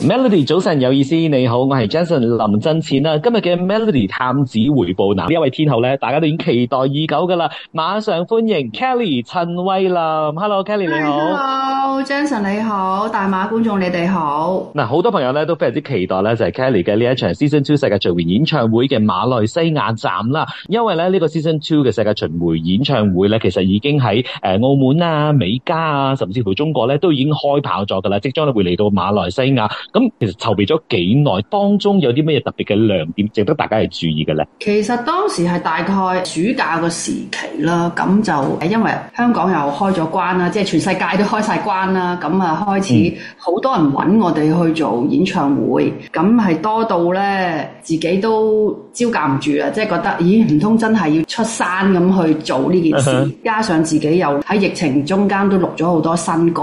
Melody 早晨有意思，你好，我係 Jason 林振錢啦。今日嘅 Melody 探子回報嗱，呢、啊、一位天后呢，大家都已經期待已久㗎啦。馬上歡迎 Kelly 陳慧琳，Hello Kelly 你好。Hey, 好、oh，Jason 你好，大馬觀眾你哋好。嗱，好多朋友咧都非常之期待咧，就係、是、Kelly 嘅呢一場 Season Two 世界巡迴演唱會嘅馬來西亞站啦。因為咧呢、這個 Season Two 嘅世界巡迴演唱會咧，其實已經喺誒、呃、澳門啊、美加啊，甚至乎中國咧都已經開跑咗噶啦，即將咧會嚟到馬來西亞。咁、嗯、其實籌備咗幾耐，當中有啲咩特別嘅亮點值得大家去注意嘅咧？其實當時係大概暑假個時期啦，咁就因為香港又開咗關啦，即係全世界都開晒關了。班啦，咁啊，開始好多人揾我哋去做演唱會，咁係、嗯、多到咧，自己都招架唔住啦，即係覺得，咦，唔通真係要出山咁去做呢件事？嗯、加上自己又喺疫情中間都錄咗好多新歌，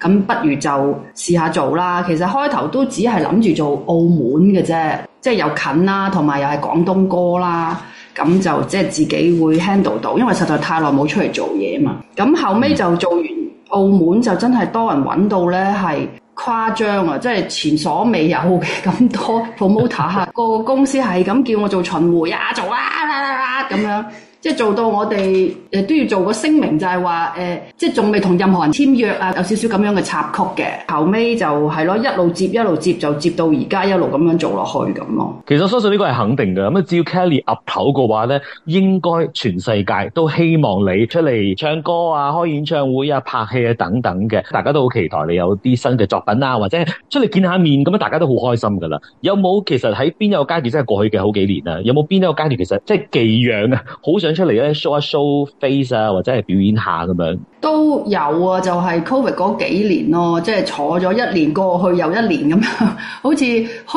咁不如就試下做啦。其實開頭都只係諗住做澳門嘅啫，即係又近啦，同埋又係廣東歌啦，咁就即係自己會 handle 到，因為實在太耐冇出嚟做嘢嘛。咁後尾就做完。嗯澳門就真係多人揾到呢，係誇張啊！即係前所未有嘅咁多 promoter 個個公司係咁叫我做巡迴啊，做啊啦啦啦咁樣。即係做到我哋誒都要做個聲明就，就係話，誒，即係仲未同任何人簽約啊，有少少咁樣嘅插曲嘅。後尾就係、是、咯，一路接一路接，就接到而家一路咁樣做落去咁咯。這其實相信呢個係肯定嘅。咁啊，只要 Kelly 岌頭嘅話咧，應該全世界都希望你出嚟唱歌啊、開演唱會啊、拍戲啊等等嘅，大家都好期待你有啲新嘅作品啊，或者出嚟見下面咁樣，大家都好開心噶啦。有冇其實喺邊一個階段真係過去嘅好幾年啊？有冇邊一個階段其實即係技癢啊？好想～出嚟咧 show 一 show face 啊，或者係表演下咁樣都有啊，就係、是、covid 嗰幾年咯，即係坐咗一年過去又一年咁樣，好似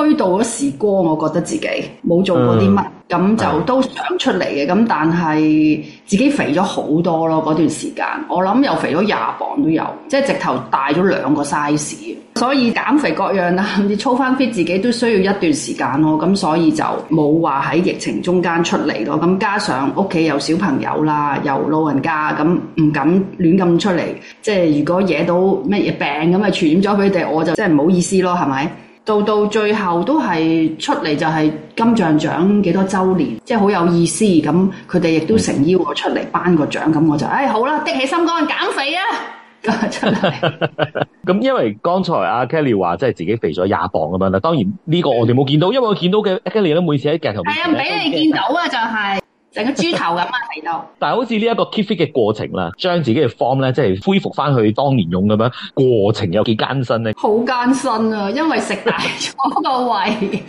虛度咗時光，我覺得自己冇做過啲乜。嗯咁就都想出嚟嘅，咁但係自己肥咗好多咯，嗰段時間我諗又肥咗廿磅都有，即係直頭大咗兩個 size。所以減肥各樣啦，你操翻 fit 自己都需要一段時間咯。咁所以就冇話喺疫情中間出嚟咯。咁加上屋企有小朋友啦，有老人家，咁唔敢亂咁出嚟。即係如果惹到乜嘢病咁啊，傳染咗俾佢哋，我就真係唔好意思咯，係咪？到到最後都係出嚟就係金像獎幾多周年，即係好有意思。咁佢哋亦都誠邀我出嚟頒個獎，咁我就誒、哎、好啦，啲起心肝減肥啊，出嚟。咁 因為剛才阿 Kelly 話即係自己肥咗廿磅咁樣啦，當然呢個我哋冇見到，因為我見到嘅 Kelly 都每次喺鏡頭係啊，唔俾你見到啊，就係、是。成個豬頭咁樣，肥到！但係好似呢一個 keep fit 嘅過程啦，將自己嘅 form 咧，即係恢復翻去當年用咁樣過程，有幾艱辛咧？好艱辛啊！因為食大咗個胃，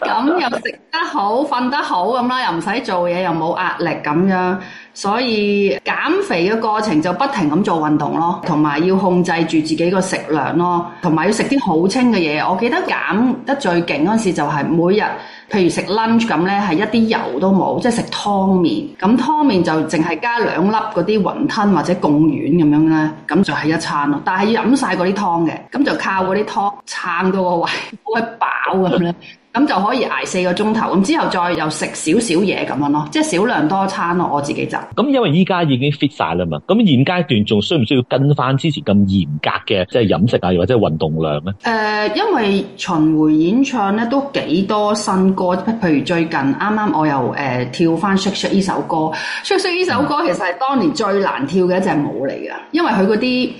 咁又食得好，瞓得好咁啦，又唔使做嘢，又冇壓力咁樣，所以減肥嘅過程就不停咁做運動咯，同埋要控制住自己個食量咯，同埋要食啲好清嘅嘢。我記得減得最勁嗰陣時就係每日。譬如食 lunch 咁呢，係一啲油都冇，即係食湯麵。咁湯麵就淨係加兩粒嗰啲雲吞或者貢丸咁樣呢，咁就係一餐咯。但係要飲晒嗰啲湯嘅，咁就靠嗰啲湯撐到個胃，好鬼飽咁樣。咁就可以捱四個鐘頭，咁之後再又食少少嘢咁樣咯，即係少量多餐咯。我自己就咁，因為依家已經 fit 晒啦嘛。咁現階段仲需唔需要跟翻之前咁嚴格嘅即係飲食啊，又或者運動量咧？誒、呃，因為巡迴演唱咧都幾多新歌，譬如最近啱啱我又、呃、跳翻《Shut Shut》呢首歌，《Shut Shut》呢首歌其實係當年最難跳嘅一隻舞嚟㗎，因為佢嗰啲。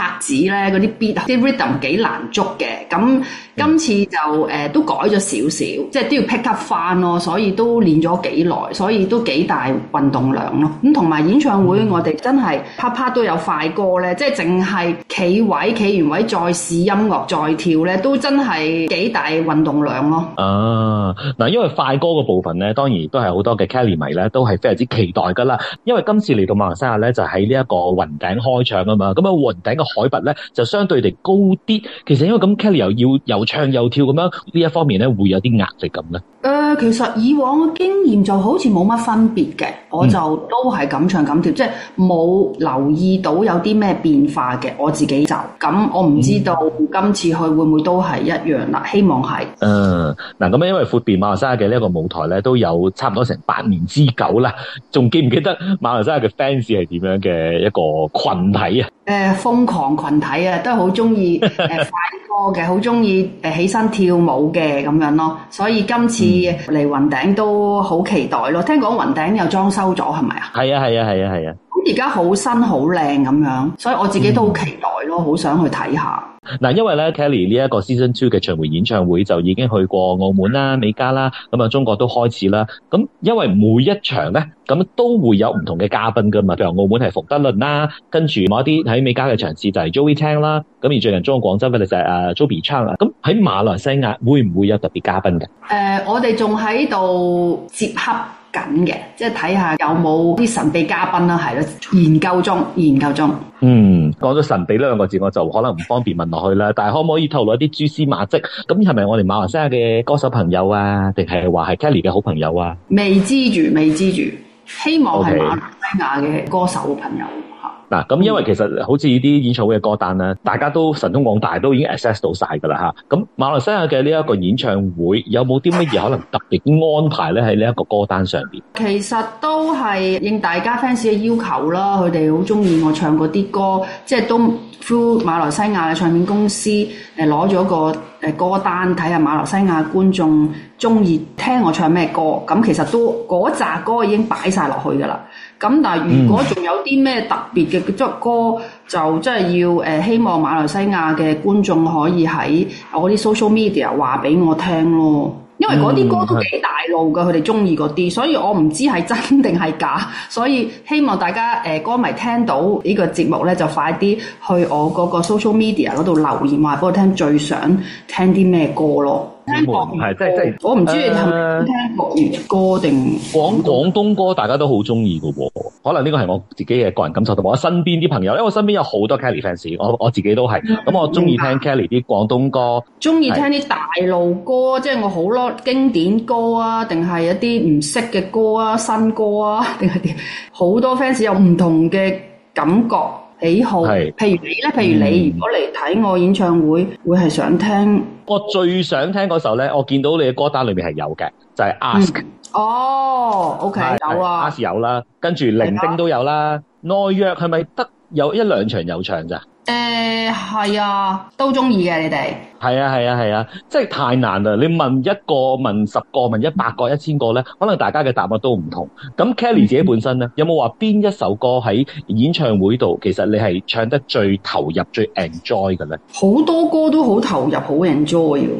拍子咧嗰啲 beat 啊，啲 rhythm 幾難捉嘅，咁今次就誒都改咗少少，即係都要 pick up 翻咯，所以都練咗幾耐，所以都幾大運動量咯。咁同埋演唱會，我哋真係 part part 都有快歌咧，即係淨係企位企完位再試音樂再跳咧，都真係幾大運動量咯。啊，嗱，因為快歌個部分咧，當然亦都係好多嘅 Kelly 迷咧，都係非常之期待㗎啦。因為今次嚟到馬來西亞咧，就喺呢一個雲頂開唱啊嘛，咁啊雲頂嘅。海拔咧就相對地高啲，其實因為咁 Kelly 又要又唱又跳咁樣呢，一方面咧會有啲壓力咁咧。誒，其實以往嘅經驗就好似冇乜分別嘅，我就都係咁唱咁跳，嗯、即係冇留意到有啲咩變化嘅，我自己就咁，那我唔知道今次去會唔會都係一樣啦，希望係。誒、嗯，嗱咁樣因為闊別馬來西亞嘅呢一個舞台咧，都有差唔多成八年之久啦，仲記唔記得馬來西亞嘅 fans 係點樣嘅一個群體啊？誒瘋狂群體啊，都係好中意誒快歌嘅，好中意誒起身跳舞嘅咁樣咯，所以今次嚟雲頂都好期待咯。聽講雲頂又裝修咗，係咪啊？係啊係啊係啊係啊！而家好新好靚咁樣，所以我自己都好期待咯，好、嗯、想去睇下。嗱，因為咧 Kelly 呢一個 Season Two 嘅巡回演唱會就已經去過澳門啦、美加啦，咁、嗯、啊中國都開始啦。咁、嗯、因為每一場咧，咁都會有唔同嘅嘉賓噶嘛。譬如澳門係馮德倫啦，跟住某一啲喺美加嘅場次就係 Joey Chang 啦。咁、嗯、而最近中國廣州嘅就係 Joey Chan 啦。咁、嗯、喺、嗯、馬來西亞會唔會有特別嘉賓嘅？誒、呃，我哋仲喺度接洽緊嘅，即係睇下有冇啲神秘嘉賓啦，係咯，研究中，研究中。嗯，講咗神秘呢兩個字，我就可能唔方便問落去啦。但係可唔可以透露一啲蛛絲馬跡？咁係咪我哋馬來西亞嘅歌手朋友啊？定係話係 Kelly 嘅好朋友啊？未知住，未知住。希望係馬來西亞嘅歌手朋友。Okay. 嗱，咁因為其實好似啲演唱會嘅歌單咧，大家都神通廣大，都已經 access 到晒噶啦吓，咁馬來西亞嘅呢一個演唱會有冇啲乜嘢可能特別安排咧？喺呢一個歌單上邊其實都係應大家 fans 嘅要求啦，佢哋好中意我唱嗰啲歌，即係都 through 馬來西亞嘅唱片公司誒攞咗個。誒歌單睇下馬來西亞嘅觀眾中意聽我唱咩歌，咁其實都嗰扎歌已經擺曬落去㗎啦。咁但係如果仲有啲咩特別嘅即歌，就真係要誒希望馬來西亞嘅觀眾可以喺我啲 social media 話俾我聽咯。因為嗰啲歌都幾大路㗎，佢哋、嗯、鍾意嗰啲，所以我唔知係真定係假，所以希望大家、呃、歌迷聽到這個節呢個節目，就快啲去我嗰個 social media 嗰度留言埋，話畀我聽最想聽啲咩歌囉。聽國係即係即係，就是嗯、我唔中意聽國語歌定廣廣東歌，大家都好中意噶喎。可能呢個係我自己嘅個人感受，同埋我身邊啲朋友，因為我身邊有好多 Kelly fans，我我自己都係咁，我中意聽 Kelly 啲廣東歌，中意白是聽啲大陸歌，即係我好多經典歌啊，定係一啲唔識嘅歌啊，新歌啊，定係點好多 fans 有唔同嘅感覺。喜好，譬如你咧，譬如你如果嚟睇我演唱會、嗯、會係想聽，我最想聽嗰首咧，我見到你嘅歌單裏面係有嘅，就係、是、ask、嗯。哦，OK，有啊了，ask 有啦，跟住零丁都有啦，內約係咪得有一兩場有唱咋？誒，係、嗯、啊，都中意嘅你哋。係啊，係啊，係啊，即係太難啦！你問一個，問十個，問一百個，一千個咧，可能大家嘅答案都唔同。咁 Kelly 自己本身咧，嗯、哼有冇話邊一首歌喺演唱會度，其實你係唱得最投入、最 enjoy 嘅咧？好多歌都好投入、好 enjoy，啊。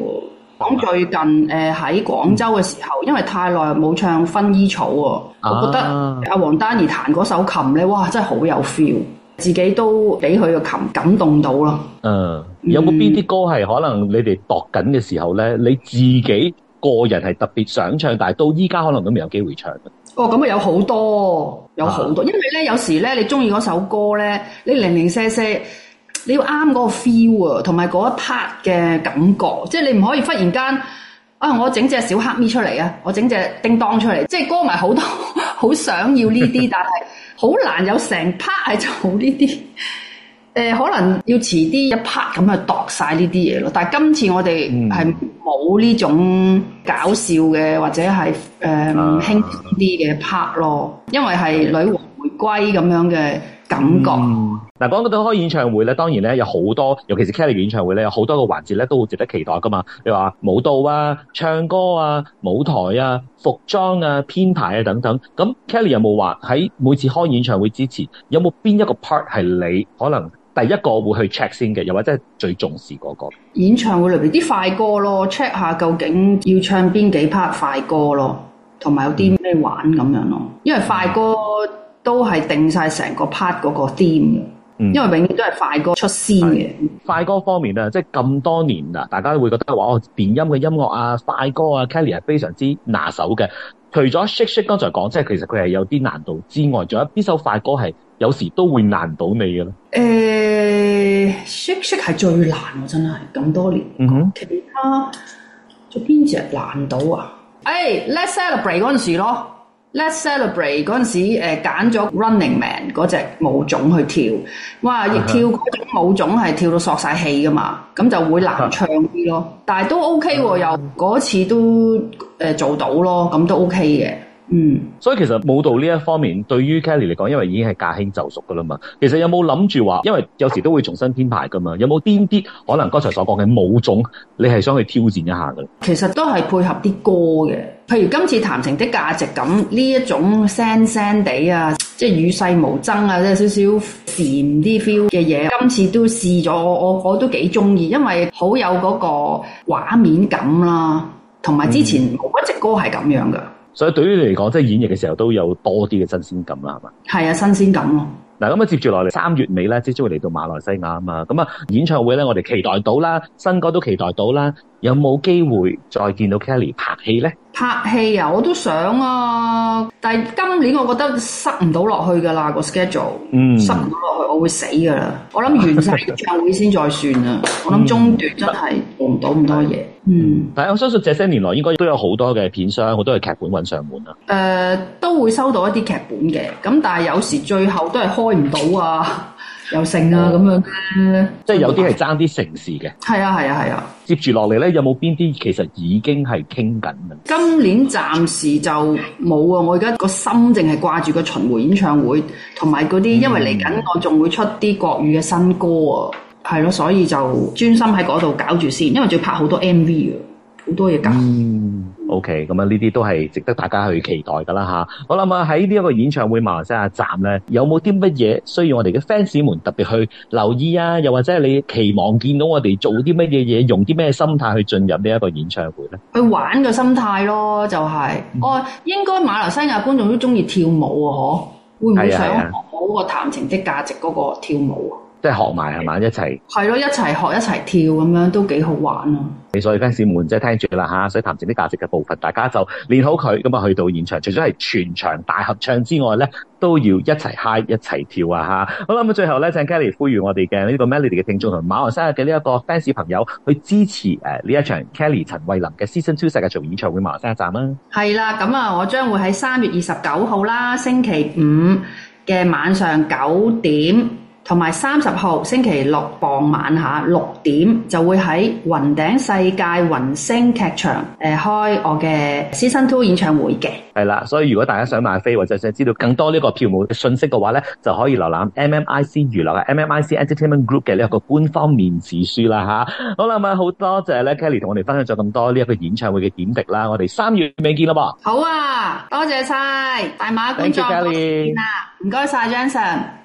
講最近誒，喺廣州嘅時候，因為太耐冇唱薰衣草啊，啊我覺得阿黃丹妮彈嗰首琴咧，哇，真係好有 feel。自己都俾佢個琴感動到咯。嗯，有冇邊啲歌係可能你哋度緊嘅時候咧，你自己個人係特別想唱，但係到依家可能都未有機會唱？哦，咁啊有好多，有好多，因為咧有時咧你中意嗰首歌咧，你零零舍舍你要啱嗰個 feel 啊，同埋嗰一 part 嘅感覺，即係你唔可以忽然間。啊、哎！我整隻小黑咪出嚟啊！我整隻叮當出嚟，即係歌迷好多好 想要呢啲，但係好難有成 part 係做呢啲。誒、呃，可能要遲啲一 part 咁去度晒呢啲嘢咯。但係今次我哋係冇呢種搞笑嘅或者係誒輕啲嘅 part 咯，因為係女王回歸咁樣嘅感覺嗱，講到開演唱會咧，當然咧有好多，尤其是 Kelly 演唱會咧，有好多個環節咧都會值得期待噶嘛。你話舞蹈啊、唱歌啊、舞台啊、服裝啊、編排啊等等。咁 Kelly 有冇話喺每次開演唱會之前，有冇邊一個 part 係你可能第一個會去 check 先嘅，又或者係最重視嗰、嗰個？演唱會裏邊啲快歌咯，check 下究竟要唱邊幾 part 快歌咯，同埋有啲咩玩咁樣咯，嗯、因為快歌。都係定晒成個 part 嗰個 theme 嘅，因為永遠都係快歌出先嘅。快歌方面啊，即係咁多年啦，大家都會覺得話哦，電音嘅音樂啊，快歌啊，Kelly 係非常之拿手嘅。除咗 Sh shake shake，剛才講即係其實佢係有啲難度之外，仲有邊首快歌係有時都會難到你嘅咧、欸？誒，shake shake 係最難的，我真係咁多年。嗯、哼 其他做邊隻難到啊？誒、hey，Let's Celebrate 嗰陣時咯。Let's celebrate 嗰陣時，誒，揀咗 Running Man 嗰隻舞種去跳，哇！Okay. 跳嗰種舞種係跳到索晒氣㗎嘛，咁就會難唱啲囉。但係都 OK 喎，okay. 又嗰次都、呃、做到囉，咁都 OK 嘅。嗯，所以其實舞蹈呢一方面對於 Kelly 嚟講，因為已經係駕輕就熟噶啦嘛。其實有冇諗住話，因為有時都會重新編排噶嘛。有冇啲啲可能剛才所講嘅舞種，你係想去挑戰一下噶？其實都係配合啲歌嘅，譬如今次《談情的價值感》呢一種聲聲地啊，即係與世無爭啊，即係少少甜啲 feel 嘅嘢。今次都試咗，我我我都幾中意，因為好有嗰個畫面感啦，同埋之前冇一隻歌係咁樣噶。嗯所以對於你嚟講，即係演藝嘅時候都有多啲嘅新鮮感啦，係嘛？係啊，新鮮感咯。嗱，咁啊接住落嚟三月尾咧，即係將會嚟到馬來西亞啊嘛。咁啊，演唱會咧，我哋期待到啦，新歌都期待到啦。有冇機會再見到 Kelly 拍戲咧？拍戲啊，我都想啊，但係今年我覺得塞唔到落去㗎啦，個 schedule，嗯、塞唔到落去，我會死㗎啦。我諗完晒演唱會先再算啦，嗯、我諗中段真係。嗯唔到咁多嘢，嗯，但係我相信這些年來應該都有好多嘅片商，好多嘅劇本揾上門啦。誒、呃，都會收到一啲劇本嘅，咁但係有時最後都係開唔到啊， 又剩啊咁樣咧。呃、即係有啲係爭啲城市嘅。係啊係啊係啊。啊啊接住落嚟呢，有冇邊啲其實已經係傾緊？今年暫時就冇啊！我而家個心淨係掛住個巡迴演唱會，同埋嗰啲，嗯、因為嚟緊我仲會出啲國語嘅新歌啊。係咯，對，所以就專心喺嗰度搞住先，因為仲要拍好多 MV 啊、嗯，好多嘢搞。嗯，OK，咁啊，呢啲都係值得大家去期待噶啦吓，我諗啊，喺呢一個演唱會馬來西亞站咧，有冇啲乜嘢需要我哋嘅 fans 們特別去留意啊？又或者你期望見到我哋做啲乜嘢嘢，用啲咩心態去進入呢一個演唱會咧？去玩嘅心態咯，就係、是、我、嗯、應該馬來西亞觀眾都中意跳舞是啊，嗬？會唔會想好個談情的價值嗰個跳舞啊？即係學埋係嘛，一齊係囉，一齊學，一齊跳咁樣都幾好玩咯、啊。你所以嗰陣時，fans 們聽住啦嚇，所以談情啲價值嘅部分，大家就練好佢咁啊，去到現場，除咗係全場大合唱之外呢，都要一齊 high，一齊跳啊嚇。好啦，咁最後咧，請 Kelly 呼籲我哋嘅呢個 Melody 嘅聽眾同馬來西亞嘅呢一個 fans 朋友去支持呢一場 Kelly 陳慧琳嘅 Season Two 世界巡演演唱會馬來西亞站啦。係啦，咁啊，我將會喺三月二十九號啦，星期五嘅晚上九點。同埋三十號星期六傍晚下六點，就會喺雲頂世界雲星劇場誒開我嘅 Season two 演唱會嘅。係啦，所以如果大家想買飛或者想知道更多呢個票務信息嘅話呢，就可以瀏覽 M M I C 娛樂嘅 M M I C Entertainment Group 嘅呢一個官方電子書啦嚇、啊。好啦，咁好多謝咧 Kelly 同我哋分享咗咁多呢一個演唱會嘅點滴啦，我哋三月尾見啦噃。好啊，多謝曬大馬觀眾，我哋見啦，唔該曬 Johnson。